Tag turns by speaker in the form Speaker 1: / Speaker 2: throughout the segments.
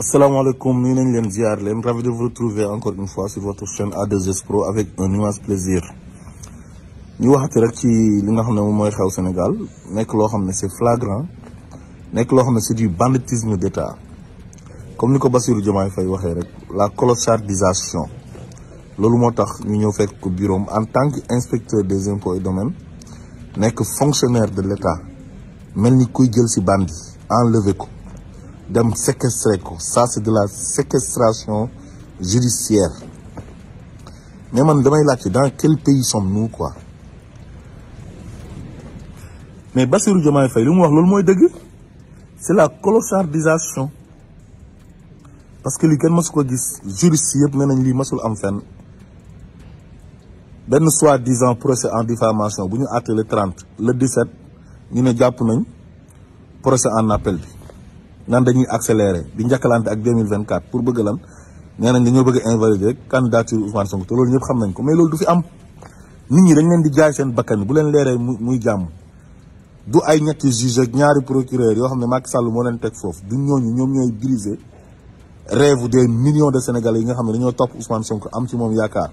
Speaker 1: Assalamualaikum, je suis ravi de vous retrouver encore une fois sur votre chaîne A2S Pro avec un immense plaisir. Nous avons dit au Sénégal, c'est flagrant, c'est du banditisme d'État. Comme nous avons dit, la colossalisation. c'est ce que ñu ñëw fait bureau en tant qu'inspecteur des impôts et domaines que fonctionnaire de l'État, mais mel ni kuy jël bandits enlevé dem séquestrer ko ça c'est de la séquestration judiciaire mais je me demande dans quel pays sommes-nous quoi mais Bassirou Diomaye Faye li wax c'est la colossalisation. parce que les kenn masu ko gis juriste yëpp nee nañ lii masul am fenn benn soi-disant procès en diffamation nous ñu le 30 le 17 ñu avons jàpp nañ procès en appel naan dañuy accéléré di njëkkalante ak 2024 pour bëgg lan nee nañ dañoo bëgg a invalider rek candidature Ousmane Sonko te loolu ñëpp xam nañ ko mais loolu du fi am nit ñi dañ leen di jaay seen bakkan bu leen leeree muy jàmm du ay ñetti juge ñaari procureur yoo xam ne Macky Sall moo leen teg foofu du ñooñu ñoom ñooy briser rêve des millions de Sénégalais yi nga xam ne dañoo topp Ousmane Sonko am ci moom yaakaar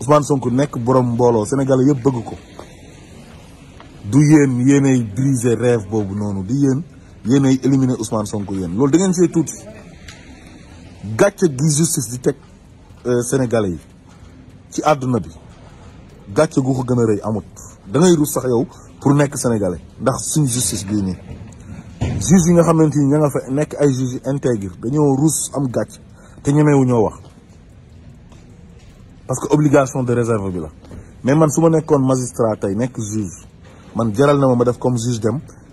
Speaker 1: Ousmane sonk nekk borom mbooloo Sénégalais yëpp bëgg ko du yéen yéenay briser rêve boobu noonu di yéen. yéen ay éliminer Ousmane sonk yéen loolu da ngeen see tuuti gàcce gi justice di teg euh, Sénégalais yi ci àdduna bi gàcce gu ko gën a rëy amut da ngay sax yow pour nekk sénégalais ndax suñ justice bii nii juge yi nga xamante ni ña nga fa nekk ay juge intègre dañoo rus am gàcc te ñemewu ñoo wax parce que obligation de réserve bi la mais man su ma nekkoon magistrat tey nekk juge man jaral na ma ma def comme juge dem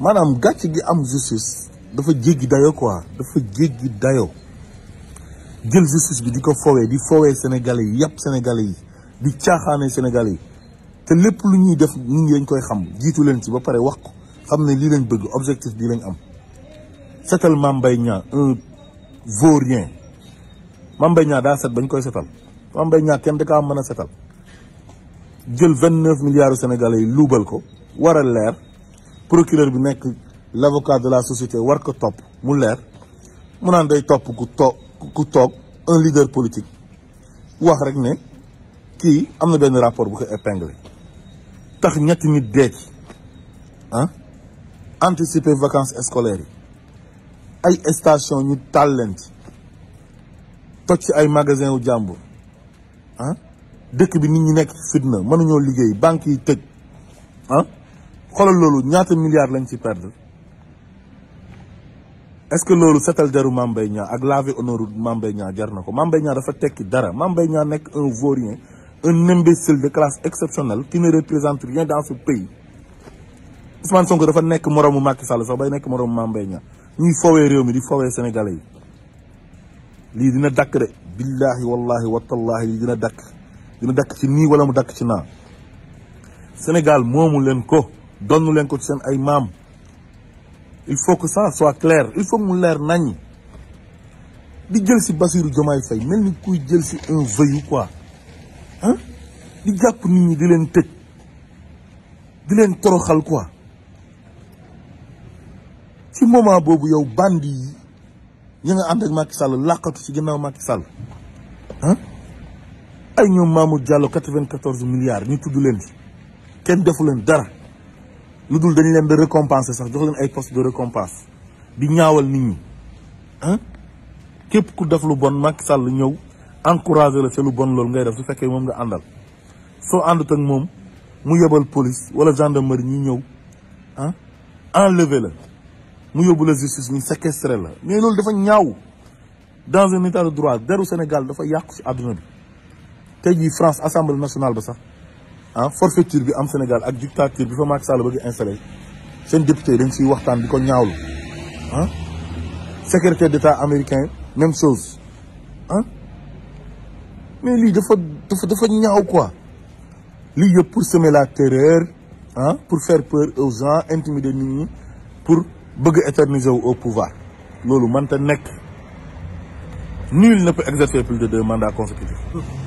Speaker 1: maanaam gàcce gi am justice dafa jéggi dayo quoi dafa jéggi dayo jël justice bi di ko foowee di foowee sénégalais yi yàpp sénégalais yi di caaxaane sénégalais yi te lépp lu ñuy def ñu dañ koy xam jiitu leen ci ba pare wax ko xam ne lii lañ bëgg objectif bi lañ am setal Mame Mbaye Niang un vaurien Mame Mbaye Niang daa set bañ koy setal Mame Mbaye Niang kenn da kaa mën a setal jël vingt neuf milliards sénégalais yi luubal ko war a leer procureur bi nek l'avocat de la société war ko top mu leer mu naan day top ku toog ku toog un leader politique wax rek ne ki amna na rapport bu ko épinglé tax ñetti nit dee ci ah hein? anticiper vacances scolaires ay station ñu taal leen ci toj ay magasin wu jàmbur hein dëkk bi nit ñi nek fitna ñoo liggéey banques yi tëj ah xoolal loolu ñaata milliards lañ ci perdre est-ce que loolu setal jaru Mame Mbaye ak laver honneur Mame Mbaye jar na ko Mame Mbaye dafa tekki dara Mame Mbaye nekk un vaurien un imbécile de classe exceptionnelle qui ne représente rien dans ce pays Ousmane Sonko dafa nekk moroomu Macky Sall sax bay nekk moroomu Mame Mbaye Niang ñuy foowee réew mi di fowé sénégalais yi lii dina dakk de billahi wallahi watallaahi lii dina dakk dina dakk ci nii wala mu dakk ci naa Sénégal moomu leen ko Donne-nous ko à imam. il faut que ça soit clair il faut que Il faut di si basirou Diomaye fay melni ni kuy jël si un voyou quoi Hein? di di len di len quoi ci moment yow bandi nga ak Macky Sall ci de Macky Sall hein? ay quatre milliards ñu tuddu len ci defu dara lu dul dañ leen di récompenser sax jox leen ay poste de récompense di ñaawal nit ñi képp ku def lu bon Macky Sall ñëw encouragé la sa lu bon loolu ngay def su fekkee moom nga àndal soo àndut ak moom mu yebal police wala gendarmerie ñi ñëw ah enlever la mu yóbbu la justice ñu séquestré la mais loolu dafa ñaaw dans un état de droit deru Sénégal dafa yàqu ci àdduna bi te jii France assemblée nationale ba sax. ah forfaiture bi am Sénégal ak dictature bi fa Macky Sall bëgg installé sen député dañ siy waxtaan di ñaawlu ah. secrétaire d'état américain même chose hein mais li dafa dafa dafa ñaaw quoi li yëpp pour semer la terreur hein, pour faire peur aux gens intimider les gens, pour bëgg éterniser au pouvoir man ta nek nul ne peut exercer plus de deux mandats consécutifs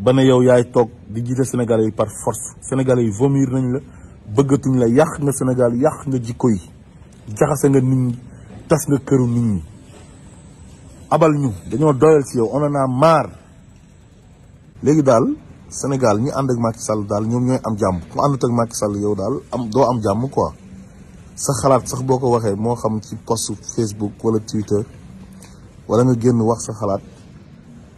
Speaker 1: ba ne yow yaay toog di jiite Sénégalais yi par force Sénégalais yi vomir nañ la bëggatuñ la yàq nga Sénégal yàq nga jikko yi jaxase nga nit ñi tas nga këru nit ñi abal ñu dañoo doyal ci yow on en a léegi daal Sénégal ñi ànd ak Macky Sall daal ñoom ñooy am jàmm ku àndut ak Macky Sall yow daal am doo am jàmm quoi sa xalaat sax boo ko waxee moo xam ci post Facebook wala Twitter wala nga génn wax sa xalaat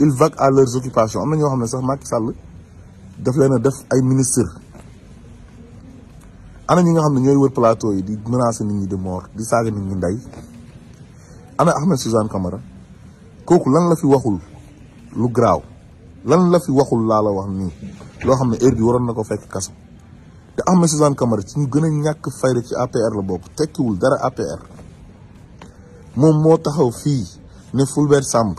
Speaker 1: ils vaquent à leurs occupations am na ñoo xam sax Macky Sall daf leen a def ay ministre ana ñi nga xam ne wër plateau yi di menacer nit ñi de mort di saaga nit ñi ndey ana Ahmed Suzanne Camara kooku lan la fi waxul lu graaw lan la fi waxul la la wax nii loo xam heure bi waroon na ko fekk kaso te Ahmed Suzanne Camara ci ñu gën a ñàkk fayda ci APR la bokk tekkiwul dara APR moom moo taxaw fii ne Fulbert Samb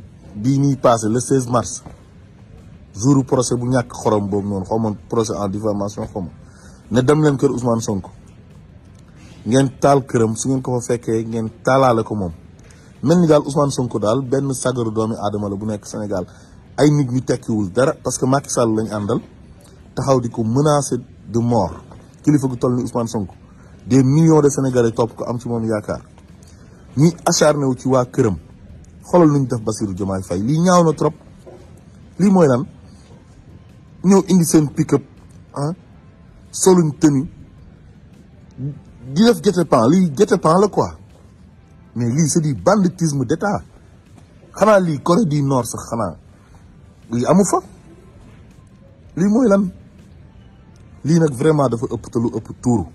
Speaker 1: bii ñuy passé le 16 mars jouru procès bu ñàkk xorom boobu noonu xaw ma procès en diffamation xaw ma ne dem leen kër Ousmane sonk ngeen taal këram su ngeen ko fa fekkee ngeen taalaale ko moom mel ni daal Ousmane Sonko daal benn sagaru doomi aadama la bu nekk Sénégal ay nit ñu tekkiwul dara parce que Macky Sall lañ àndal taxaw di ko menacer de mort kilifa gu toll ni Ousmane sonk des millions de Sénégalais topp ko am ci moom yaakaar ñuy acharné wu ci waa këram. xoolal nu ñu def Bassirou Diomaye Faye lii ñaaw na trop lii mooy lan ñëw indi seen pick-up ah soluñ tenue di def guet-apens lii guet-apens la quoi mais lii c'est du banditisme d'État xanaa lii Corée du Nord sax xanaa lii amu fa lii mooy lan lii nag vraiment dafa ëpp te lu ëpp tuuru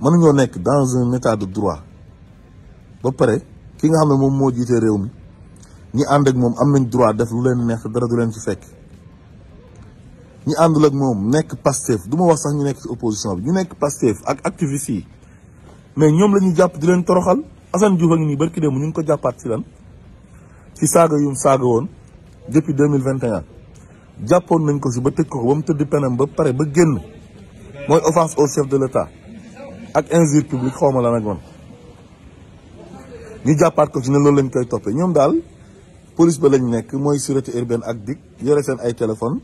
Speaker 1: nañoo nekk dans un état de droit ba pare ki nga xam ne moom moo jiite réew mi ñu ànd ak moom am nañ droit def lu leen neex dara du leen ci fekk ñu àndul ak moom nekk Pastef du ma wax sax ñu nekk ci opposition bi ñu nekk Pastef ak activistes yi mais ñoom la ñuy jàpp di leen toroxal Assane Diouf a ngi nii barki démb ñu ngi ko jàppaat ci lan ci saaga yum saaga woon depuis deux mille vingt jàppoon nañ ko si ba tëj ko ba mu tëdd penam ba pare ba génn mooy offense au chef de l' état ak injure publique xaw ma lan ak man ñu jàppaat ko ci ne loolu lañ koy toppee ñoom daal police ba lañ nekk mooy sûreté urbaine ak DIC yore seen ay téléphone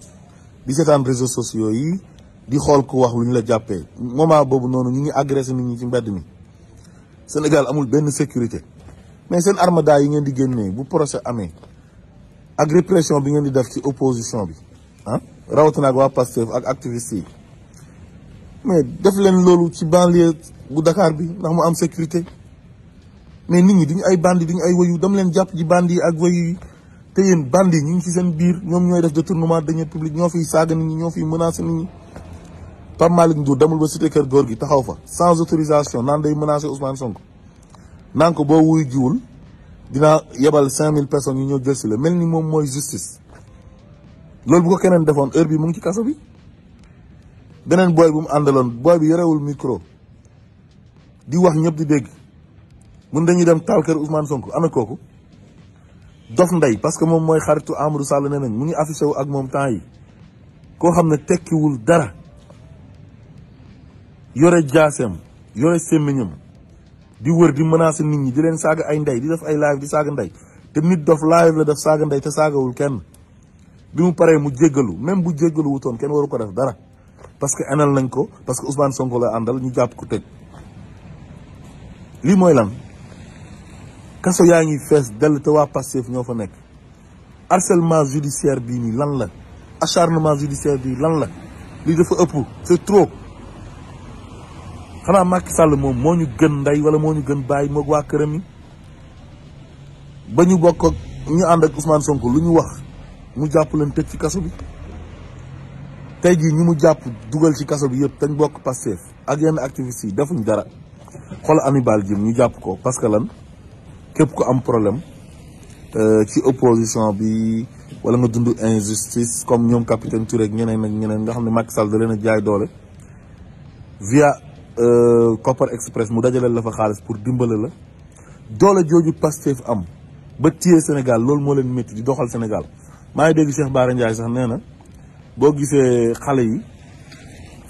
Speaker 1: di seetaan réseau sociaux yi di xool ko wax lu ñu la jàppee moment boobu noonu ñu ngi agressé mi ñi ci mbedd mi Sénégal amul benn sécurité mais seen armada yi ngeen di génnee bu procès amee ak répression bi ngeen di def ci opposition bi ah rawatina ak waa Pastef ak activiste yi mais def leen loolu ci banlieue bu Dakar bi ndax mu am sécurité mais nit ñi duñu ay bandi duñu ay woyu dam leen jàpp ci bandi yi ak woyu yi te yéen bandi yi ñu ngi seen biir ñoom ñooy def détournement deniers publics ñoo fiy saaga nit ñi ñoo fiy menacer nit ñi Pape Malick Ndour demul ba cité kër góor gi taxaw fa sans autorisation naan day menacer Ousmane Sonko naan ko boo wuy jiwul dinaa yebal cinq mille personnes yu ñëw jël si la mel ni moom mooy justice loolu bu ko keneen defoon heure bi mu ngi ci kaso bi beneen booy bu mu àndaloon booy bi yorewul micro di wax ñëpp di mun dañuy dem taal kër Ousmane Sonko ana kooku dof ndey parce que moom mooy xaritu Amadou Sall nee nañ mu ngi affiché wu ak moom temps yi koo xam ne tekkiwul dara yore jaaseem yore sémmiñam di wër di menacer nit ñi di leen saaga ay ndey di def ay live di saaga ndey te nit dof live la def saaga ndey te saagawul kenn bi mu paree mu jéggalu même bu jéggalu wutoon kenn waru ko def dara parce que enal nañ ko parce que Ousmane Sonko la àndal ñu jàpp ko tëj lii mooy lan kaso ya ngi fees dell te wa passif ñoo fa nekk harcèlement judiciaire bi ni lan la acharnement judiciaire bi lan la li dafa ëpp c'est trop xana Macky Sall mom moñu gën nday wala moñu gën bàyyi mo wa kërëm ni bañu bokk ñu and ak Ousmane Sonko luñu wax mu japp leen ci kasso bi tay ji ñu mu japp duggal ci kasso bi yëpp tañ bokk passif ak yenn activiste yi defuñ dara xol amibal Djim ñu japp ko parce que lan képp ku am problème euh, ci opposition bi wala nga dund injustice comme ñoom capitaine Touré ak ñeneen ak ñeneen nga xam ne Macky Sall da leen a jaay doole via Copper euh, Express mu dajaleel la fa xaalis pour dimbale la doole jooju Pastef am ba téye Sénégal loolu moo leen métti di doxal Sénégal maa ngi dégg Cheikh Bara Ndiaye sax nee na boo gisee xale yi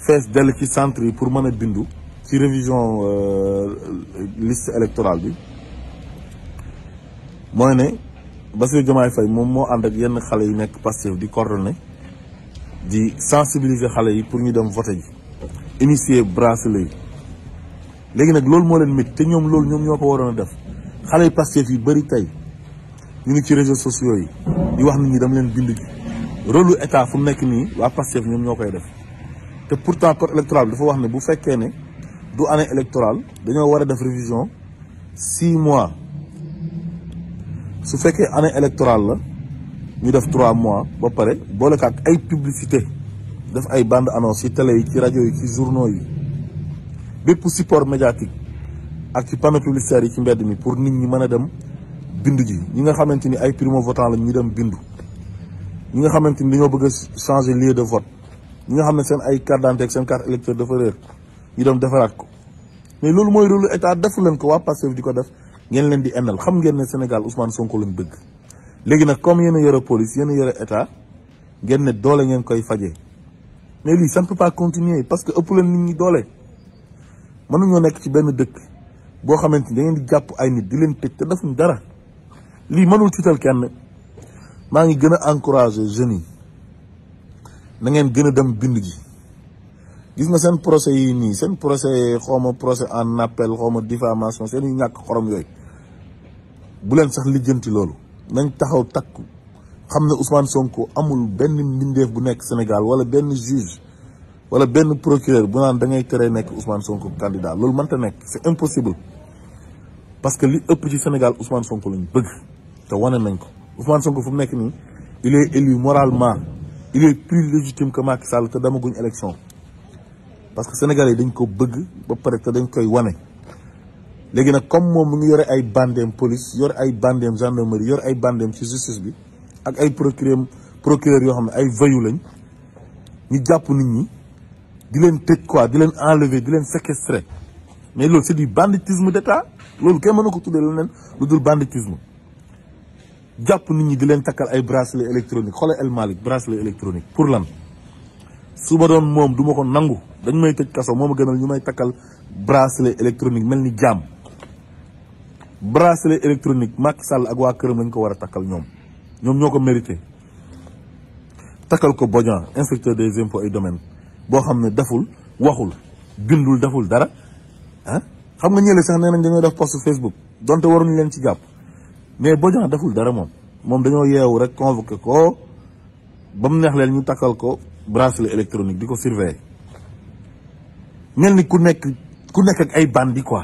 Speaker 1: fees dell ci centre yi pour mën a bindu ci révision euh, liste électorale bi mooy ne Bassirou Diomaye Faye moom moo ànd ak yenn xale yi nekk Pastef di coordonné di sensibiliser xale yi pour ñu dem voté ji initier bracelet yi léegi nag loolu moo leen mitt te ñoom loolu ñoom ñoo ko waroon a def xale yi Pastef yi bëri tay ñu ngi ci réseau sociaux yi di wax nit ñi dama leen bind ji rôle état fu nekk nii waa Pastef ñoom ñoo koy def te pourtant code électoral dafa wax ne bu fekkee ne du année électorale dañoo war a def révision six mois su fekkee année électorale la ñu def trois mois ba pare boole ko ak ay publicité def ay bande annonce ci télé yi ci rajo yi ci journaux yi bépp support médiatique ak ci panneau publicitaire yi ci mbedd mi pour nit ñi mën a dem bindu ji ñi nga xamante ni ay primo votant la ñu dem bindu ñi nga xamante ni dañoo bëgg a changer lieu de vote ñi nga xam ne seen ay carte d'identité ak seen carte électeur dafa réer ñu dem defaraat ko mais loolu mooy rôle état leen ko waa Pastef di ko def ngeen leen di endal xam ngeen ne Sénégal Ousmane Sonko lañ bëgg léegi nag comme yéen a yore police yéen a yore état ngeen ne doole ngeen koy fajee mais lii ça ne peut pas continuer parce que ëpp leen nit ñi doole mënuñoo nekk ci benn dëkk boo xamante ni da ngeen di jàpp ay nit di leen tëj te defuñ dara lii mënul tiital kenn maa ngi gën a encouragé yi na ngeen gën a dem bind gi gis nga seen procès yi nii seen procès xawma procès en appel xawma diffamation seen yu ñàkk xorom yooyu bulan leen sax lijjanti lolo. nang taxaw taku, Ousmane Sonko amul benn mbindeef bu nekk Sénégal wala benn juge wala benn procureur bu naan da ngay tere Ousmane Sonko candidat loolu mënta c'est impossible parce que li upi ci Sénégal Ousmane Sonko lañ bug. te wane nañ ko Ousmane Sonko fu mu nekk il est élu moralement il est plus légitime que Macky Sall te demaguñ élection parce que Sénégalais dañ ko bug. ba pare que dañ koy wane. léegi nag comme moom mu ngi yore ay bandeem police yore ay bandeem gendarmerie yore ay bandeem ci justice bi ak ay procureur yoo xam ne ay voyous lañ ñu jàpp nit ñi di leen tëj quoi di leen enlever di leen séquestrer mais loolu c'est du banditisme d'état loolu kenn mën na ko tuddee leen lu dul banditisme jàpp nit ñi di leen takkal ay bracelet électronique xoolal El Malick bracelet électronique pour lan su ma doon moom du ma ko nangu dañ may tëj kaso moo ma gënal ñu may takkal bracelet électronique mel ni jaam bracelet électronique Macky Sall ak waa këram lañ ko war a takkal ñoom ñoom ñoo ko mérité takkal ko Bodian inspecteur des impôts ay domaines boo xam ne deful waxul bindul deful dara ah xam nga ñële sax nee nañ dañoo def post Facebook donte waruñu leen ci jàpp mais Bodian deful dara moom moom dañoo yeewu rek convoqué ko ba mu neex leen ñu takkal ko bracelet électronique di ko surveiller mel ni ku nekk ku nekk ak ay bandi quoi.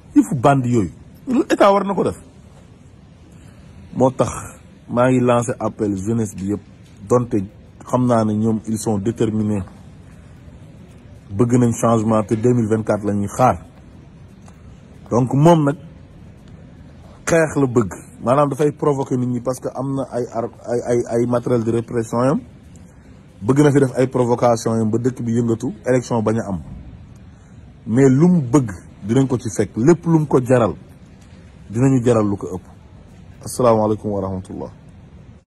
Speaker 1: faut bande yooyu lu état war nako def motax ma ngi lancer appel jeunesse bi yeb donte xamna ne ils sont déterminés bëgg nañ changement te 2024 la ñuy xaar donc mom nak xeex la bëgg da fay provoquer nit ñi parce que amna ay ay ay ay matériel de répression yam bëgg na fi def ay provocation yam ba dëkk bi yëngatu élection baña am mais lum bëgg dinañ ko ci fekk lépp lu mu ko jaral dinañu jaral lu ko ëpp alaykum wa rahmatullah